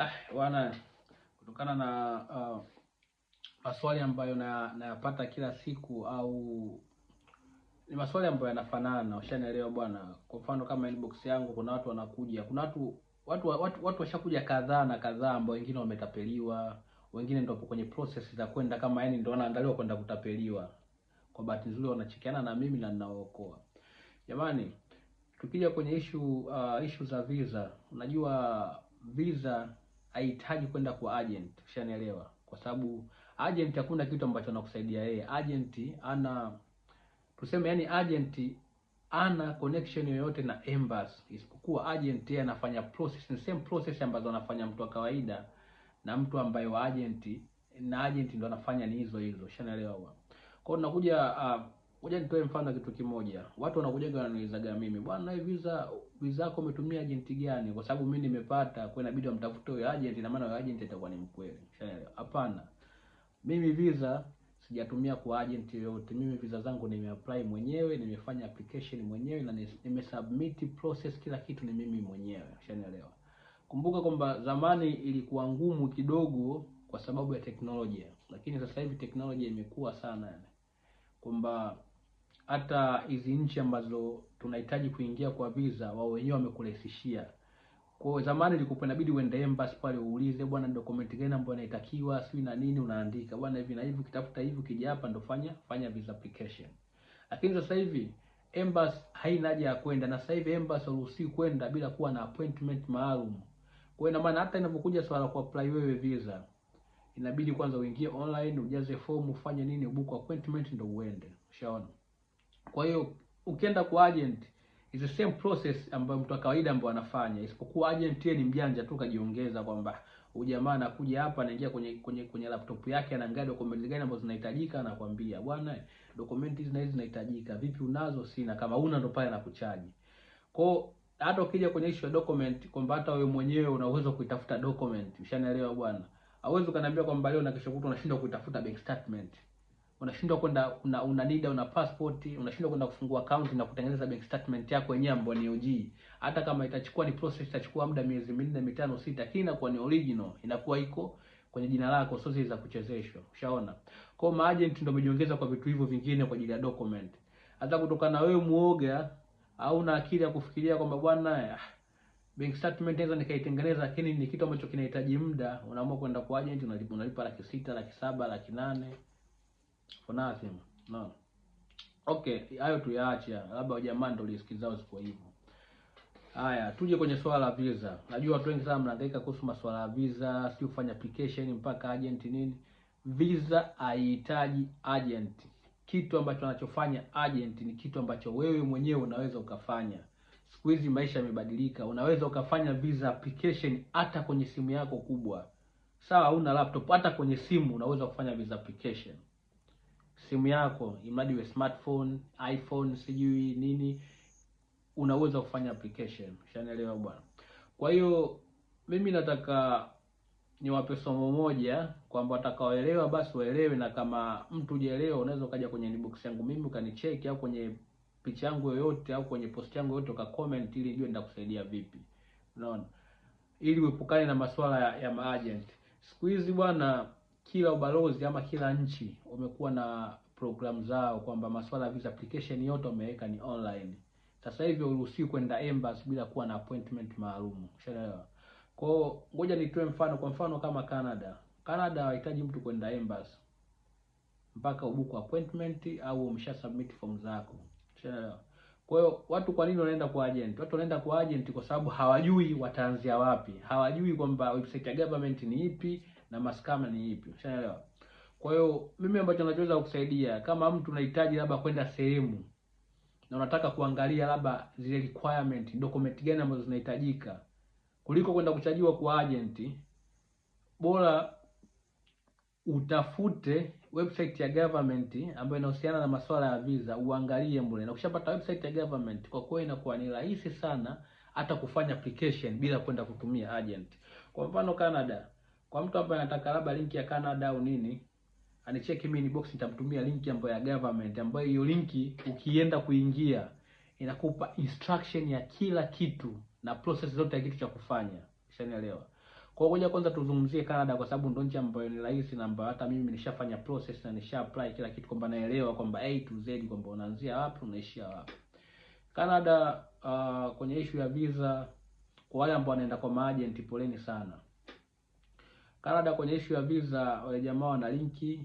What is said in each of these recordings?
Ah, wana kutokana na uh, maswali ambayo nayapata na kila siku au ni maswali ambayo yanafanana, ushanielewa bwana. Kwa mfano kama inbox yangu kuna watu wanakuja, kuna watu watu watu, watu washakuja kadhaa na kadhaa, ambao wengine wametapeliwa, wengine ndio kwenye process za kwenda kama yani ndio wanaandaliwa kwenda kutapeliwa. Kwa bahati nzuri wanachekiana na mimi na ninaokoa. Jamani, tukija kwenye issue uh, issue za visa, unajua visa haihitaji kwenda kwa agent, ushanielewa? Kwa sababu agent hakuna kitu ambacho anakusaidia yeye. Agent ana tuseme, yani agent ana connection yoyote na embassy, isipokuwa agent yeye anafanya process, ni same process ambazo anafanya mtu wa kawaida na mtu ambaye wa agent na agent ndo anafanya ni hizo hizo, ushanielewa? Kwa hiyo tunakuja uh, Ngoja nitoe mfano kitu kimoja. Watu wanakujaga wananiulizaga mimi, bwana hivi visa visa yako umetumia agent gani? Kwa sababu mimi nimepata, kwa inabidi wamtafute huyo agent, na maana huyo agent atakuwa ni mkweli. Hapana. Mimi visa sijatumia kwa agent yoyote. Mimi visa zangu nimeapply mwenyewe, nimefanya application mwenyewe na nimesubmit process, kila kitu ni mimi mwenyewe. Ushanielewa? Kumbuka kwamba zamani ilikuwa ngumu kidogo kwa sababu ya teknolojia, lakini sasa hivi teknolojia imekuwa sana, yani kwamba hata hizi nchi ambazo tunahitaji kuingia kwa visa, wao wenyewe wamekurahisishia. Kwa zamani ilikuwa inabidi uende embassy pale uulize, bwana document gani ambayo inatakiwa, sio na nini, unaandika bwana hivi na hivi, kitafuta hivi, kija hapa ndo fanya fanya visa application. Lakini sasa hivi embassy haina haja ya kwenda, na sasa hivi embassy uruhusiwi kwenda bila kuwa na appointment maalum. Kwa hiyo ina maana hata inapokuja swala kwa apply wewe visa inabidi kwanza uingie online, ujaze fomu, ufanye nini, ubuku appointment ndo uende. Ushaona? Kwa hiyo ukienda kwa agent is the same process ambayo mtu wa kawaida ambaye anafanya, isipokuwa agent yeye ni mjanja tu kajiongeza kwamba ujamaa anakuja hapa anaingia kwenye kwenye kwenye laptop yake anaangalia document gani ambazo zinahitajika, anakuambia bwana, document hizi na hizi zinahitajika, vipi unazo? Sina. Kama una ndo pale anakuchaji. kwa hata ukija kwenye issue ya document kwamba hata wewe mwenyewe una uwezo kuitafuta document, ushanielewa bwana? Hauwezi kaniambia kwamba leo na kesho kutwa unashindwa kuitafuta bank statement unashindwa kwenda una, una NIDA una passport, unashindwa kwenda kufungua account na kutengeneza bank statement yako wenyewe ambayo ni OG. Hata kama itachukua ni process itachukua muda miezi minne mitano sita, lakini inakuwa ni original, inakuwa iko kwenye jina lako, sio za kuchezeshwa. Ushaona? Kwa hiyo agent ndio amejiongeza kwa vitu hivyo vingine kwa ajili ya document. Hata kutoka na wewe muoga au na akili ya kufikiria kwamba bwana ah, bank statement naweza nikaitengeneza, lakini ni kitu ambacho kinahitaji muda. Unaamua kwenda kwa agent, unalipa laki sita, laki saba, laki nane for nothing no. Okay, hayo tuyaacha, labda jamani ndio riski zao ziko hivyo. Haya, tuje kwenye swala la visa. Najua watu wengi sana mnahangaika kuhusu masuala ya visa, si kufanya application mpaka agent nini. Visa haihitaji agent. Kitu ambacho anachofanya agent ni kitu ambacho wewe mwenyewe unaweza ukafanya. Siku hizi maisha yamebadilika, unaweza ukafanya visa application hata kwenye simu yako kubwa. Sawa, una laptop, hata kwenye simu unaweza kufanya visa application simu yako, imradi we smartphone, iPhone, sijui nini, unaweza kufanya application. Shanaelewa bwana. Kwa hiyo mimi nataka niwape somo moja kwamba watakaoelewa basi waelewe, na kama mtu hujaelewa, unaweza ukaja kwenye inbox yangu mimi ukanicheki, au kwenye picha yangu yoyote, au kwenye post yangu yoyote ukacomment, ili nijue nitakusaidia vipi. Unaona, ili uepukane na masuala ya, ya maagent siku hizi bwana kila ubalozi ama kila nchi wamekuwa na programu zao kwamba masuala ya visa application yote wameweka ni online. Sasa hivi uruhusiwi kwenda embassy bila kuwa na appointment maalum. Ushaelewa? Kwa hiyo ngoja nitoe mfano, kwa mfano kama Canada. Canada hawahitaji mtu kwenda embassy mpaka ubuku appointment au umesha submit form zako. Ushaelewa? Kwa hiyo watu kwa nini wanaenda kwa agent? Watu wanaenda kwa agent kwa sababu hawajui wataanzia wapi. Hawajui kwamba website ya government ni ipi, na maskama ni ipi, ushaelewa? Kwa hiyo mimi ambacho nachoweza kukusaidia kama mtu unahitaji labda kwenda sehemu na unataka kuangalia labda zile requirement document gani ambazo zinahitajika, kuliko kwenda kuchajiwa kwa agent, bora utafute website ya government ambayo inahusiana na masuala ya visa, uangalie mbona. na ukishapata website ya government, kwa kweli inakuwa ni rahisi sana hata kufanya application bila kwenda kutumia agent. Kwa mfano Canada kwa mtu ambaye anataka labda linki ya Canada au nini, anicheki mimi inbox, nitamtumia linki ambayo ya government, ambayo hiyo linki ukienda kuingia inakupa instruction ya kila kitu na process zote ya kitu cha kufanya. Ushanielewa? Kwa hiyo ngoja kwanza tuzungumzie Canada kwa sababu ndio nchi ambayo ni rahisi na ambayo hata mimi nishafanya process na nisha apply kila kitu kwamba naelewa kwamba A to Z kwamba unaanzia wapi unaishia wapi. Canada uh, kwenye issue ya visa kwa wale ambao wanaenda kwa maagent, poleni sana. Canada kwenye issue ya visa, wale jamaa wana linki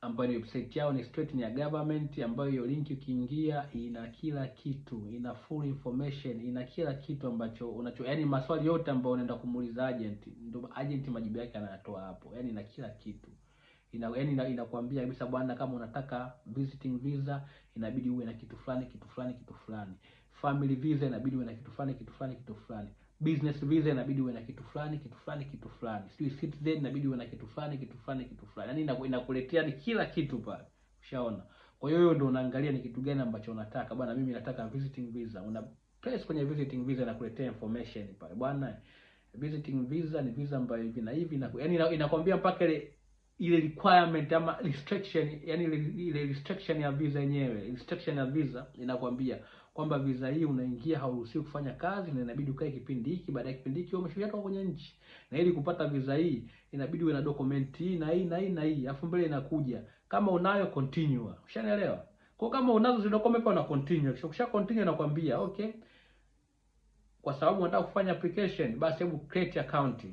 ambayo website yao ni straight ni ya government, ambayo hiyo linki ukiingia ina kila kitu, ina full information, ina kila kitu ambacho unacho, yani maswali yote ambayo unaenda kumuuliza agent, ndio agent majibu yake anayatoa hapo, yani ina kila kitu ina yani inakuambia kabisa bwana, kama unataka visiting visa inabidi uwe na kitu fulani kitu fulani kitu fulani, family visa inabidi uwe na kitu fulani kitu fulani kitu fulani business visa inabidi uwe na kitu fulani kitu fulani kitu fulani, sijui citizen inabidi uwe na kitu fulani kitu fulani kitu fulani, yani inakuletea ni kila kitu pale, ushaona. Kwa hiyo hiyo ndio unaangalia ni kitu gani ambacho unataka bwana. Mimi nataka visiting visa, una press kwenye visiting visa inakuletea information pale bwana, visiting visa ni visa ambayo hivi na hivi, yani inakwambia mpaka ile ile requirement ama restriction, yani ile, ile restriction ya visa yenyewe, restriction ya visa inakwambia kwamba visa hii unaingia hauruhusiwi kufanya kazi na inabidi ukae kipindi hiki. Baada ya kipindi hiki umeshukia toka kwenye nchi, na ili kupata visa hii inabidi uwe na document hii na hii na hii na hii, afu mbele inakuja kama unayo continue. Ushanielewa? Kwa kama unazo zile document una continue, kisha kisha continue na kwambia okay, kwa sababu unataka kufanya application, basi hebu create account.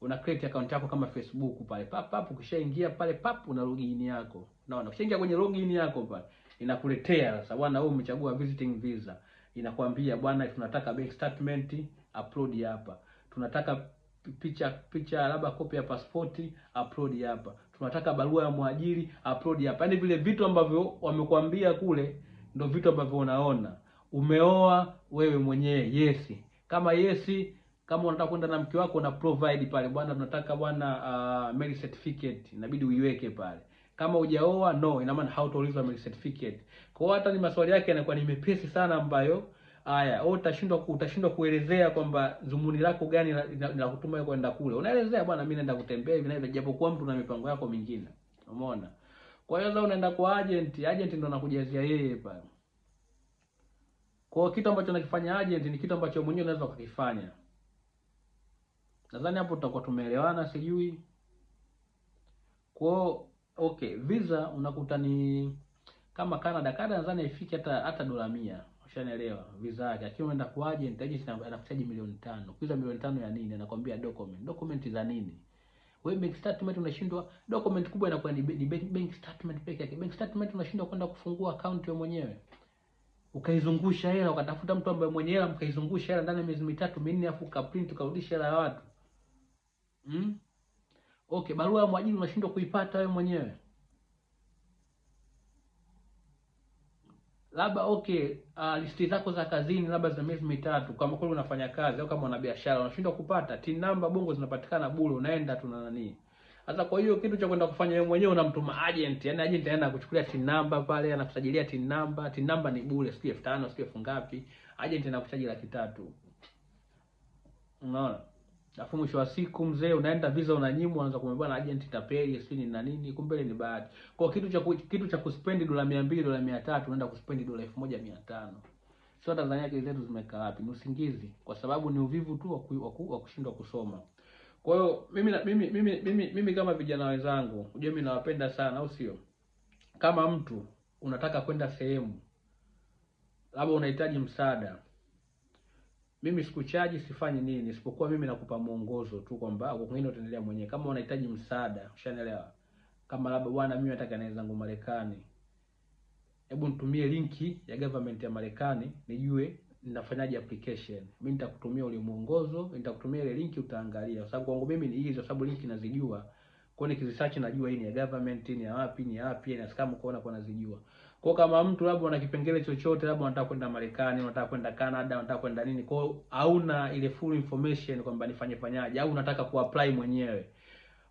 Una create account yako kama Facebook pale, pap pap, ukishaingia pale pap, una login yako. Unaona, ukishaingia kwenye login yako pale inakuletea sasa, bwana wewe umechagua visiting visa, inakwambia bwana, tunataka bank statement upload hapa, tunataka picha picha labda copy ya passport upload hapa, tunataka barua ya mwajiri upload hapa. Yaani vile vitu ambavyo wamekwambia kule ndio vitu ambavyo unaona. Umeoa wewe mwenyewe, yesi. Kama yesi, kama unataka kwenda na mke wako, una provide pale, bwana tunataka bwana uh, marriage certificate, inabidi uiweke pale. Kama hujaoa no, ina maana hautaulizwa marriage certificate. Kwa hiyo hata ni maswali yake yanakuwa ni mepesi sana, ambayo haya au utashindwa utashindwa kuelezea kwamba dhumuni lako gani la kutuma kwenda kule. Unaelezea bwana, mimi naenda kutembea hivi na hivi, japokuwa mtu na mipango yako mingine, umeona. Kwa hiyo sasa unaenda kwa agent, agent ndo anakujazia yeye pale. Kwa hiyo kitu ambacho anakifanya agent ni kitu ambacho mwenyewe unaweza kukifanya. Nadhani hapo tutakuwa tumeelewana, sijui kwao okay, visa unakuta ni kama Canada. Canada nadhani haifiki hata hata dola 100 ushanielewa visa yake. Lakini unaenda kuaje, nitaji anakuchaji milioni tano. Kuuliza milioni tano ya nini? anakuambia document. Document za nini? we bank statement unashindwa, document kubwa inakuwa ni, ni bank bank statement pekee yake. Bank statement unashindwa kwenda kufungua account wewe mwenyewe ukaizungusha hela ukatafuta mtu ambaye mwenye hela mkaizungusha hela ndani ya miezi mitatu minne, afu ka print ukarudisha hela ya watu mm? Okay, barua ya mwajiri unashindwa kuipata wewe mwenyewe labda okay, uh, listi zako za kazini labda za miezi mitatu, kama kweli unafanya kazi au kama una biashara unashindwa kupata tin number, bongo zinapatikana bure, unaenda tu na nani hata. Kwa hiyo kitu cha kwenda kufanya wewe mwenyewe unamtuma agent, yani agent anaenda kuchukulia tin number pale, anakusajilia tin number. Tin number ni bure, sio 5000 sio elfu ngapi, agent anakuchaji laki tatu, unaona. Alafu mwisho wa siku mzee unaenda visa unanyimwa, unaanza kumwambia na agent tapeli ni na nini, kumbe ni bahati. Kwa kitu cha kitu cha kuspend dola 200 dola 300 unaenda kuspend dola 1500. Sio Tanzania, kile zetu zimekaa wapi? Ni usingizi, kwa sababu ni uvivu tu wa wa kushindwa kusoma. Kwa hiyo mimi mimi mimi mimi mimi kama vijana wenzangu, unajua mimi nawapenda sana, au sio? Kama mtu unataka kwenda sehemu labda unahitaji msaada mimi sikuchaji sifanyi nini, isipokuwa mimi nakupa mwongozo tu kwamba kwa kwingine utaendelea mwenyewe. Kama unahitaji msaada, ushanielewa. Kama labda bwana, mimi nataka niende zangu Marekani, hebu nitumie linki ya government ya Marekani nijue ninafanyaje application. Mimi nitakutumia ule mwongozo, nitakutumia ile linki, utaangalia, kwa sababu kwangu mimi ni hizo, sababu linki nazijua kwa hiyo nikiresearch najua hii ni ya government, hii ni ya wapi, ni ya wapi, na scam kuona kuna zijua. Kwa kama mtu labda ana kipengele chochote, labda anataka kwenda Marekani, anataka kwenda Canada, anataka kwenda nini, kwa hauna ile full information kwamba nifanye fanyaje au unataka kuapply mwenyewe.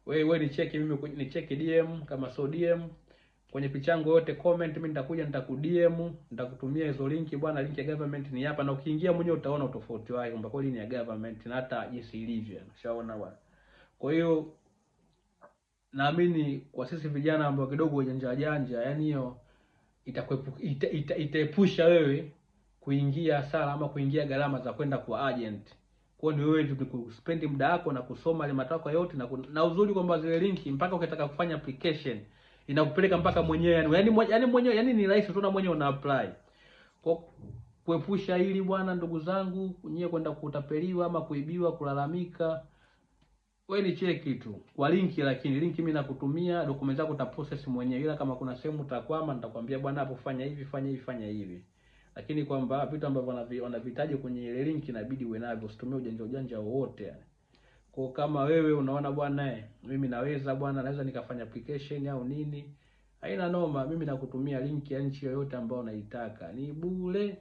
Wewe wewe ni cheki mimi ni cheki DM kama so DM kwenye picha yangu yote comment, mimi nitakuja nitakudm, nitakutumia hizo link bwana. link ya government ni hapa, na ukiingia mwenyewe utaona utofauti wake kwamba kweli ni ya government na hata jinsi ilivyo, ushaona bwana. Kwa hiyo naamini kwa sisi vijana ambao kidogo janja janja, yani hiyo itakuepusha ita, ita wewe kuingia sala ama kuingia gharama za kwenda kwa agent. Kwa ni wewe tu kuspendi muda wako na kusoma ile matakwa yote na, na uzuri kwamba zile linki mpaka ukitaka kufanya application inakupeleka mpaka mwenyewe yani yani yani mwenyewe yani ni rahisi tu mwenyewe una apply. Kwa kuepusha hili bwana, ndugu zangu, nyewe kwenda kutapeliwa ama kuibiwa, kulalamika we nichie kitu kwa linki, lakini linki mimi nakutumia dokumenti zako ta process mwenyewe, ila kama kuna sehemu utakwama, nitakwambia bwana, hapo fanya hivi fanya hivi fanya hivi, lakini kwamba vitu ambavyo wanavihitaji kwenye ile linki inabidi uwe navyo, usitumie ujanja ujanja wowote Kwa kama wewe unaona bwana, eh, mimi naweza bwana, naweza nikafanya application au nini, haina noma, mimi nakutumia linki ya nchi yoyote ambayo unaitaka, ni bure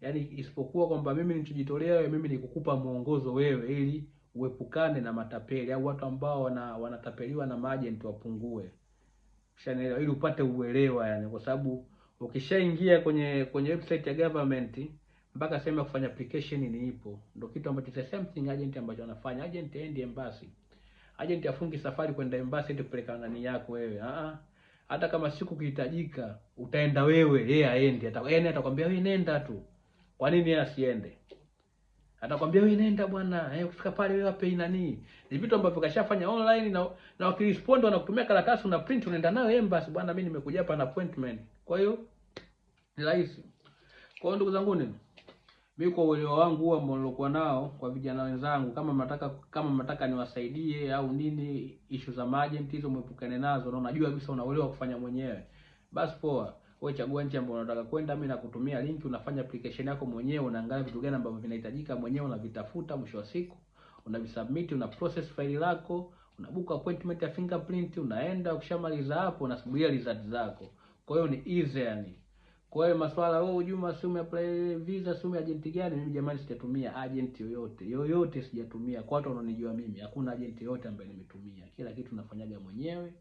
yani, isipokuwa kwamba mimi nilichojitolea wewe, mimi nikukupa mwongozo wewe ili uepukane na matapeli au watu ambao wana, wanatapeliwa na majenti wapungue, ushanielewa, ili upate uelewa yani, kwa sababu ukishaingia kwenye kwenye website ya government mpaka sehemu ya kufanya application ni ipo, ndio kitu ambacho the same thing agent ambacho anafanya agent aende embassy, agent afungi safari kwenda embassy ndio kupeleka nani yako wewe Ah, hata kama siku kihitajika utaenda wewe, yeye aende, atakwambia wewe nenda tu. Kwa nini asiende? Atakwambia wewe nenda bwana, eh, ukifika pale wewe wape nani? Ni vitu ambavyo kashafanya online na na wakirespond wanakutumia karatasi una print unaenda nayo yeye eh, basi bwana, mimi nimekuja hapa na appointment. Kwa hiyo ni rahisi. Kwa hiyo ndugu zangu nini? Mimi kwa uelewa wangu ambao nilikuwa nao kwa vijana wenzangu, kama mnataka kama mnataka niwasaidie au nini, issue za majenti hizo mwepukane nazo, na unajua kabisa unaelewa kufanya mwenyewe. Basi poa. Wewe chagua nchi ambayo unataka kwenda, mimi nakutumia link, unafanya application yako mwenyewe, unaangalia vitu gani ambavyo vinahitajika mwenyewe, unavitafuta, mwisho wa siku unavisubmit, una process faili lako, unabuka appointment ya fingerprint, unaenda. Ukishamaliza hapo, unasubiria result zako. Kwa hiyo ni easy yani. Kwa hiyo maswala wewe, oh, ujuma Juma, si umeapply visa, si agent gani? Mimi jamani, sijatumia agent yoyote yoyote, sijatumia. Kwa watu wanaonijua mimi, hakuna agent yoyote ambaye nimetumia. Kila kitu nafanyaga mwenyewe,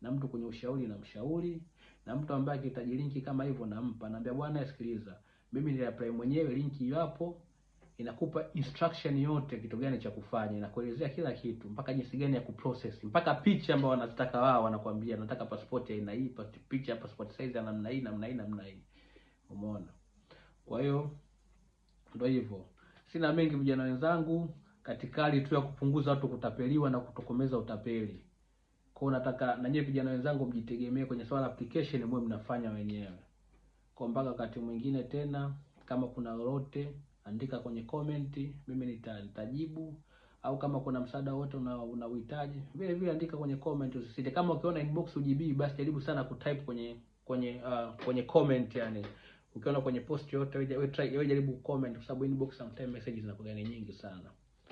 na mtu kwenye ushauri na mshauri na mtu ambaye akihitaji linki kama hivyo nampa, naambia bwana, sikiliza, mimi ni apply mwenyewe, linki hiyo hapo inakupa instruction yote, kitu gani cha kufanya, inakuelezea kila kitu, mpaka jinsi gani ya kuprocess, mpaka picha ambayo wanataka wao. Wanakuambia nataka passport ya aina hii, passport picha, passport size ya namna hii, namna hii, namna hii. Umeona? Kwa hiyo ndio hivyo, sina mengi vijana wenzangu, katika hali tu ya kupunguza watu kutapeliwa na kutokomeza utapeli. Kwa nataka na nyewe vijana wenzangu mjitegemee kwenye swala application, mwe mnafanya wenyewe. Kwa mpaka wakati mwingine tena, kama kuna lolote andika kwenye comment, mimi nitajibu au kama kuna msaada wote unauhitaji una vile vile andika kwenye comment, usisite. Kama ukiona inbox ujibii, basi jaribu sana kutype kwenye kwenye uh, kwenye comment yani ukiona kwenye post yote wewe try wewe jaribu comment, kwa sababu inbox sometimes message zinakuwa nyingi sana.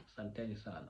Asanteni sana.